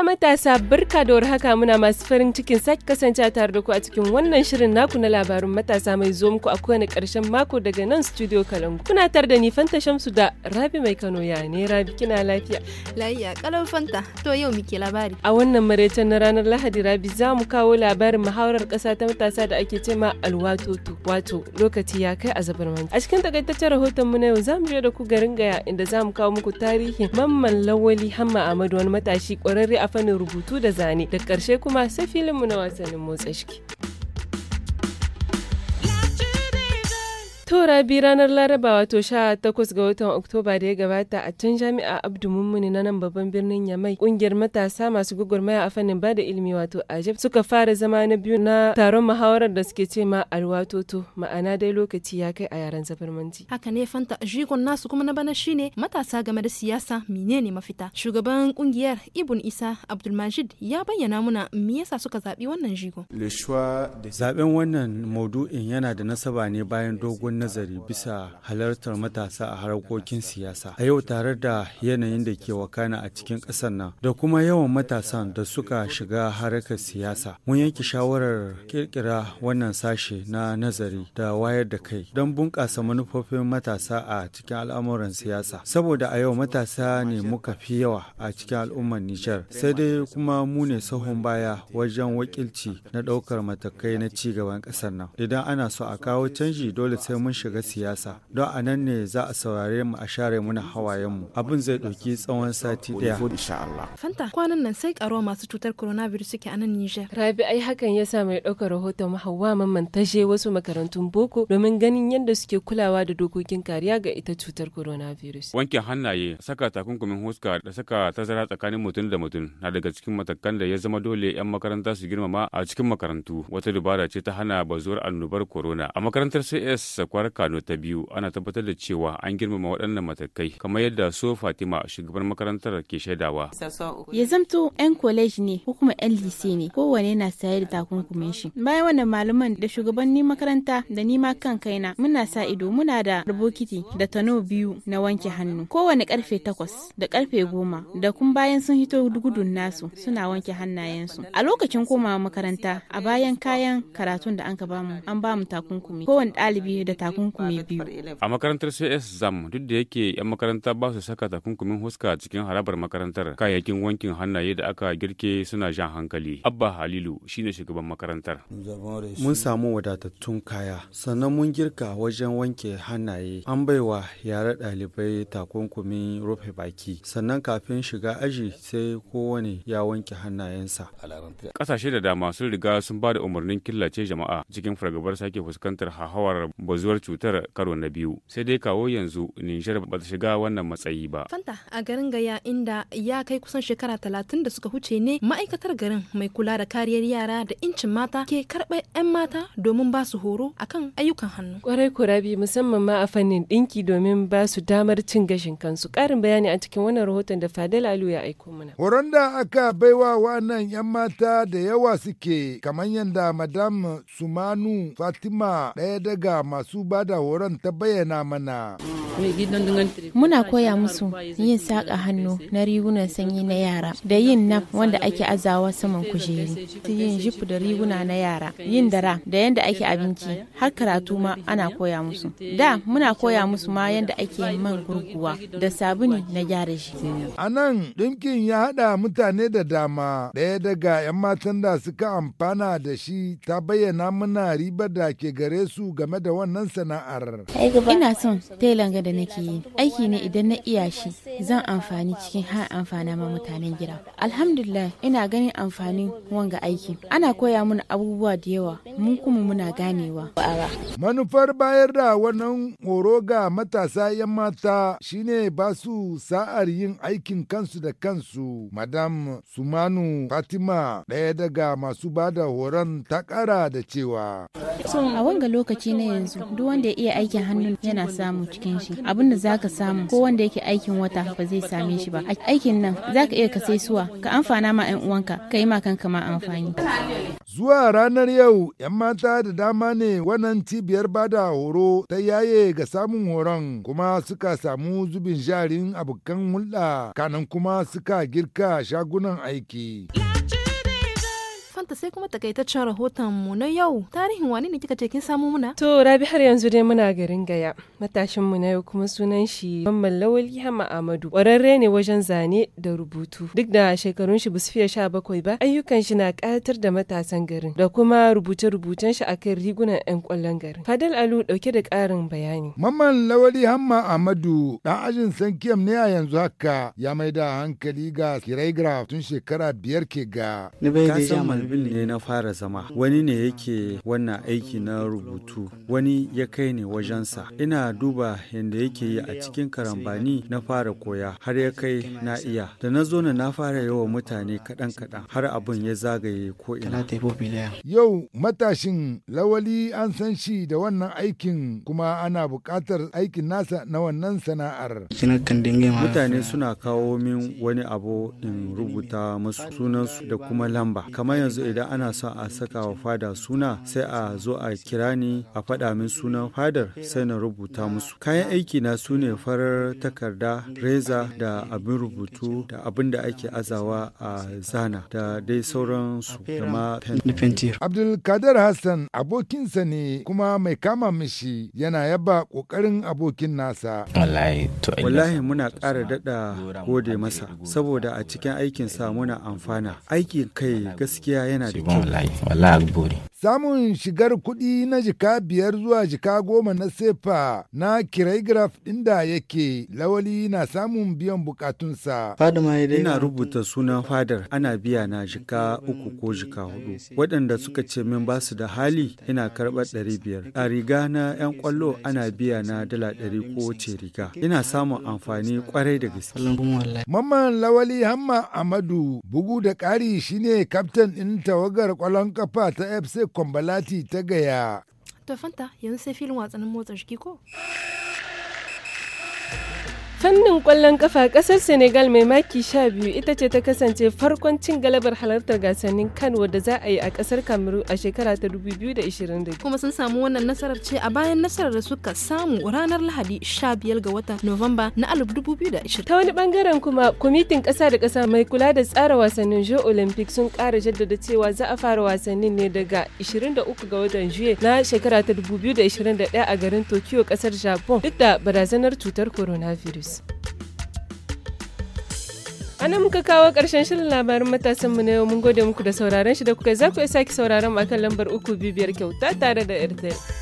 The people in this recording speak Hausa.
a matasa barka da haka muna masu farin cikin sake kasance tare da ku a cikin wannan shirin naku na labarin matasa mai zo muku a kowane karshen mako daga nan studio Kalangu. Kuna tar da ni Fanta Shamsu da Rabi Mai Kano ya ne Rabi kina lafiya. Lafiya kalau Fanta to yau muke labari. A wannan maraicen na ranar Lahadi Rabi za mu kawo labarin muhawarar kasa ta matasa da ake cema alwatoto wato lokaci ya kai a zabar A cikin takaitaccen rahoton mu na yau za mu je da ku garin Gaya inda za mu kawo muku tarihin Mamman Lawali Hamma amadu wani matashi kwararre a fannin rubutu da zane. Da ƙarshe kuma sai filinmu na wasannin motsa jiki. tora bi ranar Laraba wato takwas ga watan Oktoba da ya gabata a can jami'a Abdu Mummuni na nan babban birnin Yamai kungiyar matasa masu gwagwarmaya a fannin ba da ilimi wato ajab suka fara zama na biyu na taron muhawarar da suke ce ma alwatoto ma'ana dai lokaci ya kai a yaren zabarmanci. Haka ne fanta jigon nasu kuma na bana shine matasa game da siyasa menene mafita. Shugaban ƙungiyar Ibn Isa Abdulmajid ya bayyana muna me yasa suka zaɓi wannan jigon. Zaben wannan maudu'in yana da nasaba ne bayan dogon nazari bisa halartar matasa a harkokin siyasa a yau tare da yanayin da ke wakana a cikin ƙasar nan da kuma yawan matasan da suka shiga harkar siyasa mun yanke shawarar kirkira wannan sashe na nazari da wayar da kai don bunƙasa manufofin matasa a cikin al'amuran siyasa saboda a yau matasa ne muka fi yawa a cikin al'ummar nijar sai dai kuma mu ne sahun baya wajen wakilci na ɗaukar matakai na ci gaban ƙasar nan idan ana so a kawo canji dole sai mun mun shiga siyasa don a nan ne za a saurare mu a share muna hawayenmu abin zai ɗauki tsawon sati ɗaya. Fanta kwanan nan sai karuwa masu cutar coronavirus suke a nan Niger. Rabi ai hakan ya sa mai ɗaukar rahoton Hauwa Mamman ta wasu makarantun boko domin ganin yadda suke kulawa da dokokin kariya ga ita cutar coronavirus. Wanke hannaye, saka takunkumin huska da saka tazara tsakanin mutum da mutum na daga cikin matakan da ya zama dole 'yan makaranta su girmama a cikin makarantu. Wata dubara ce ta hana bazuwar annobar corona. A makarantar CS kwara kano ta biyu ana tabbatar da cewa an girmama waɗannan matakai kamar yadda so fatima shugaban makarantar ke shaidawa ya zamto yan kwaleji ne ko kuma yan lise ne kowane na saye da takunkumin shi bayan wannan malaman da shugabannin makaranta da nima kan kaina muna sa ido muna da bokiti da tano biyu na wanke hannu kowane karfe takwas da karfe goma da kun bayan sun hito gudun nasu suna wanke hannayensu a lokacin komawa makaranta a bayan kayan karatun da an ka bamu an bamu takunkumi kowane ɗalibi da takunkumi takunkumi biyu. A makarantar CS ZAM duk da yake 'yan makaranta ba su saka takunkumin huska cikin harabar makarantar kayayyakin wankin hannaye da aka girke suna jan hankali. Abba Halilu shine shugaban makarantar. Mun samu wadatattun kaya sannan mun girka wajen wanke hannaye an baiwa yara ɗalibai takunkumin rufe baki sannan kafin shiga aji sai kowane ya wanke hannayensa. Ƙasashe da dama sun riga sun ba da umarnin killace jama'a cikin fargabar sake fuskantar hahawar bazuwar cutar karo na biyu sai dai kawo yanzu Nijar ba ta shiga wannan matsayi ba. Fanta a garin Gaya inda ya kai kusan shekara talatin da suka huce ne ma'aikatar garin mai kula da kariyar yara da incin mata ke karɓar 'yan mata domin ba su horo akan ayyukan hannu. Kwarai kurabi musamman ma a fannin ɗinki domin ba su damar cin gashin kansu. karin bayani a cikin wannan rahoton da Fadel Alu ya aiko mana. Horon da aka baiwa wannan 'yan mata da yawa suke kamar yadda Madam Sumanu Fatima ɗaya daga masu masu bada horon ta bayyana mana. Muna koya musu yin saƙa hannu na rigunan sanyi na yara da yin naf wanda ake azawa saman kujeri, yin jip da riguna na yara, yin dara da yadda ake abinci, har karatu ma ana koya musu. Da muna koya musu ma yadda ake man gurguwa da sabuni na gyara shi. A nan ɗinkin ya haɗa mutane da dama ɗaya daga 'yan matan da suka amfana da shi ta bayyana mana ribar da ke gare su game da wannan sana'ar. Ina son telan da da nake yi aiki ne idan na iya shi zan amfani cikin har amfana ma mutanen gida alhamdulillah ina ganin amfanin wanga aiki ana koya mun abubuwa da yawa mun kuma muna ganewa manufar bayar da wannan horo ga matasa yan mata shine ba su sa'ar yin aikin kansu da kansu madam sumanu fatima ɗaya daga masu bada horon ta ƙara da cewa a wanga lokaci na yanzu duk wanda ya iya aikin hannu yana samu cikin shi abin da zaka samu ko wanda yake aikin wata ba zai same shi ba aikin nan zaka iya ka sai suwa ka amfana ma yan uwanka ka yi ma kanka ma amfani zuwa ranar yau yan mata da dama ne wannan cibiyar bada horo ta yaye ga samun horon kuma suka samu zubin jarin abokan hulɗa kanan kuma suka girka shagunan aiki. ta sai kuma takaitaccen rahoton mu na yau. Tarihin wani ne kika ce kin samu muna? To Rabi har yanzu dai muna garin Gaya. Matashin mu na yau kuma sunan shi Mamman Lawali Hama Amadu. Ƙwararre ne wajen zane da rubutu. Duk da shekarun shi basu fiye sha bakwai ba, ayyukan shi na katar da matasan garin da kuma rubuce-rubucen shi akan rigunan 'yan ƙwallon garin. Fadal Alu ɗauke da ƙarin bayani. Mamman Lawali Hamma Amadu ɗan ajin san Kiyam ne a yanzu haka ya maida hankali ga kiregraf tun shekara biyar ke ga. Ni bai Berlin ne na fara zama, wani ne yake wannan aiki na rubutu, wani ya kai ne wajensa. Ina duba yadda yake yi a cikin karambani na fara koya har ya kai na iya. Da na zo na fara yawan mutane kaɗan-kaɗan har abin ya zagaye ko ina. Yau matashin lawali an san shi da wannan aikin kuma ana buƙatar aikin nasa na wannan sana'ar. Mutane suna kawo min wani abu in rubuta musu sunansu da kuma lamba. Kamar yanzu yanzu idan ana so a saka wa fada suna sai a zo a kira ni a faɗa min sunan fadar sai na rubuta musu kayan aiki na su ne farar takarda reza da abin rubutu da abin da ake azawa a zana da dai sauransu da ma abdulkadir hassan abokinsa ne kuma mai kama mishi yana yaba kokarin abokin nasa wallahi muna ƙara daɗa gode masa saboda a cikin aikinsa muna amfana aikin kai gaskiya yana da kyau. Wallahi, Samun shigar kuɗi na jika biyar zuwa jika goma na sefa na kiragraf inda yake lawali na samun biyan bukatunsa. Ina rubuta sunan fadar ana biya na jika uku ko jika hudu. Waɗanda suka ce min ba su da hali ina karɓar ɗari biyar. A riga na 'yan ƙwallo ana biya na dala ɗari ko wace riga. Ina samun amfani ƙwarai da gaske. Mamman lawali Hamma Amadu bugu da ƙari shine kaftan ɗin tawagar kwallon kafa ta FC Kwambalati ta gaya. To fanta yanzu sai filin watsanin motsa jiki ko? fannin kwallon kafa kasar senegal mai maki 12 ita ce ta kasance farkon cin galabar halartar gasannin kan wadda za a yi a kasar kamaru a shekara ta 2020 kuma sun samu wannan nasarar ce a bayan nasarar da suka samu ranar lahadi 15 ga watan novemba na 2020 ta wani bangaren kuma kwamitin kasa da kasa mai kula da tsara wasannin jeux olympic sun kara jaddada cewa za a fara wasannin ne daga 23 ga watan juye na shekara ta 2021 a garin tokyo kasar japan duk da barazanar cutar coronavirus nan muka kawo karshen shirin labarin matasan mu na yau mun gode muku da sauraron shi da kuka za ku sake sauraron akan lambar uku bibiyar kyauta tare da airtel